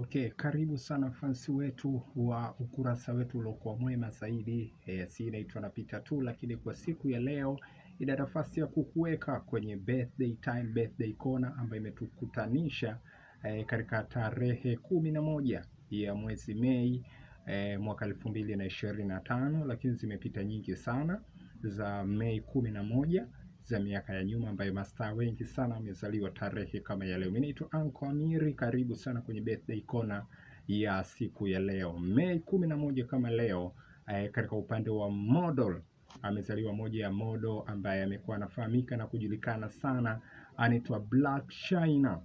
Okay, karibu sana fansi wetu wa ukurasa wetu uliokuwa mwema zaidi. E, si inaitwa napita tu, lakini kwa siku ya leo ina nafasi ya kukuweka kwenye birthday time, birthday corner ambayo imetukutanisha e, katika tarehe kumi na moja ya mwezi Mei e, mwaka elfu mbili na ishirini na tano, lakini zimepita nyingi sana za Mei kumi na moja za miaka ya nyuma ambayo mastaa wengi sana wamezaliwa tarehe kama ya leo. Mimi naitwa Anko Amiri, karibu sana kwenye birthday kona ya siku ya leo Mei kumi na moja kama leo. Eh, katika upande wa model amezaliwa moja ya model ambaye amekuwa anafahamika na kujulikana sana, anaitwa Black China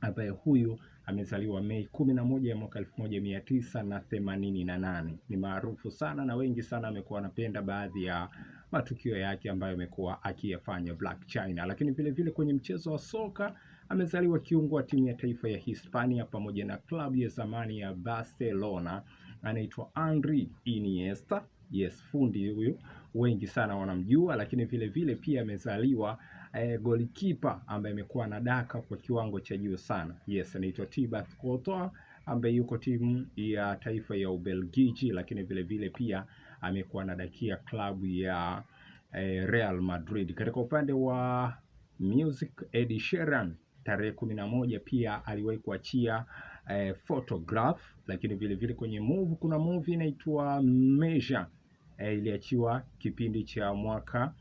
ambaye huyu amezaliwa Mei kumi na moja ya mwaka elfu moja mia tisa na themanini na nane. Ni maarufu sana na wengi sana amekuwa anapenda baadhi ya matukio yake ambayo amekuwa akiyafanya Black China. Lakini vile vile kwenye mchezo wa soka amezaliwa kiungo wa timu ya taifa ya Hispania pamoja na klabu ya zamani ya Barcelona, anaitwa Andri Iniesta. Yes, fundi huyu wengi sana wanamjua, lakini vile vile pia amezaliwa eh, golikipa ambaye amekuwa na daka kwa kiwango cha juu sana. Yes, anaitwa Thibaut Courtois ambaye yuko timu ya taifa ya Ubelgiji, lakini vile vile pia amekuwa dakia klabu ya eh, Real Madrid. Katika upande wa music, Ed Sheeran tarehe kumi na moja pia aliwahi kuachia eh, photograph, lakini vile vile kwenye move kuna movie inaitwa Measure eh, iliachiwa kipindi cha mwaka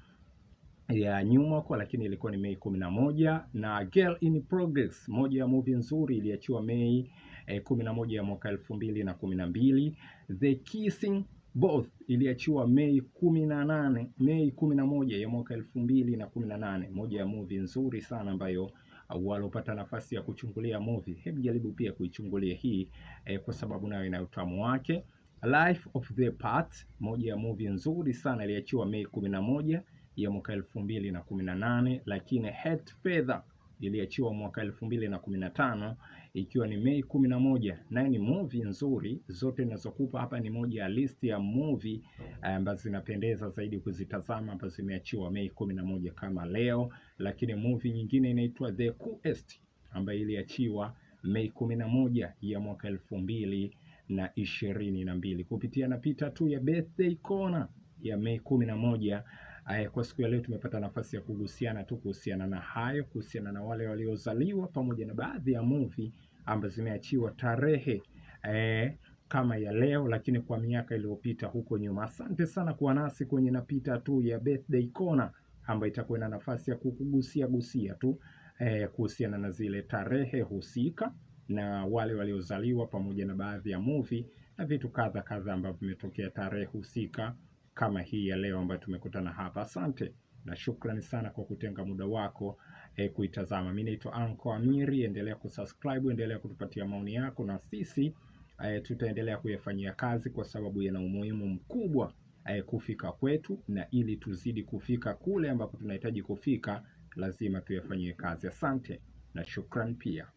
ya nyuma kwa lakini ilikuwa ni Mei kumi na moja na Girl in Progress, moja ya movie nzuri iliachiwa Mei eh, kumi na moja ya mwaka elfu mbili na kumi na mbili The Kissing Booth iliachiwa Mei kumi na nane Mei kumi na moja ya mwaka elfu mbili na kumi na nane moja ya movie nzuri sana ambayo ah, walopata nafasi ya kuchungulia movie, hebu jaribu pia kuichungulia hii eh, kwa sababu nayo ina utamu wake. Life of the Part, moja ya movie nzuri sana iliachiwa Mei kumi na moja ya mwaka elfu mbili na kumi na nane lakini het fedha iliachiwa mwaka elfu mbili na kumi na tano ikiwa ni Mei kumi na moja nayo ni movie nzuri. Zote ninazokupa hapa ni moja ya list ya movie eh, ambazo zinapendeza zaidi kuzitazama ambazo zimeachiwa Mei kumi na moja kama leo. Lakini movie nyingine inaitwa The Quest ambayo iliachiwa Mei kumi na moja ya mwaka elfu mbili na ishirini na mbili kupitia na pita tu ya Birthday Corner ya Mei kumi na moja Eh, kwa siku ya leo tumepata nafasi ya kugusiana tu kuhusiana na hayo, kuhusiana na wale waliozaliwa pamoja na baadhi ya movie ambazo zimeachiwa tarehe e, kama ya leo lakini kwa miaka iliyopita huko nyuma. Asante sana kuwa nasi kwenye napita tu ya birthday corner ambayo itakuwa na nafasi ya kukugusia gusia tu e, kuhusiana na zile tarehe husika na wale waliozaliwa pamoja na baadhi ya movie na vitu kadha kadha ambavyo vimetokea tarehe husika kama hii ya leo ambayo tumekutana hapa. Asante na shukrani sana kwa kutenga muda wako eh, kuitazama. Mimi naitwa Anko Amiri, endelea kusubscribe, endelea kutupatia maoni yako na sisi eh, tutaendelea kuyafanyia kazi kwa sababu yana umuhimu mkubwa eh, kufika kwetu, na ili tuzidi kufika kule ambapo tunahitaji kufika lazima tuyafanyie kazi. Asante na shukrani pia.